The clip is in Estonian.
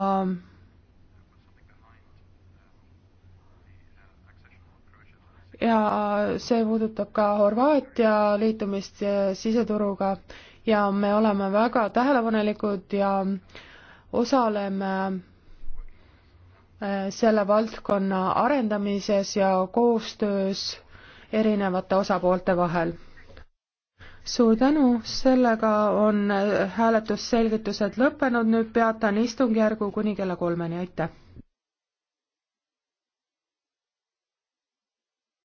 um, ja see puudutab ka Horvaatia liitumist siseturuga ja me oleme väga tähelepanelikud ja osaleme äh, selle valdkonna arendamises ja koostöös erinevate osapoolte vahel suur tänu, sellega on äh, hääletusselgitused lõppenud, nüüd peatan istungjärgu kuni kella kolmeni, aitäh!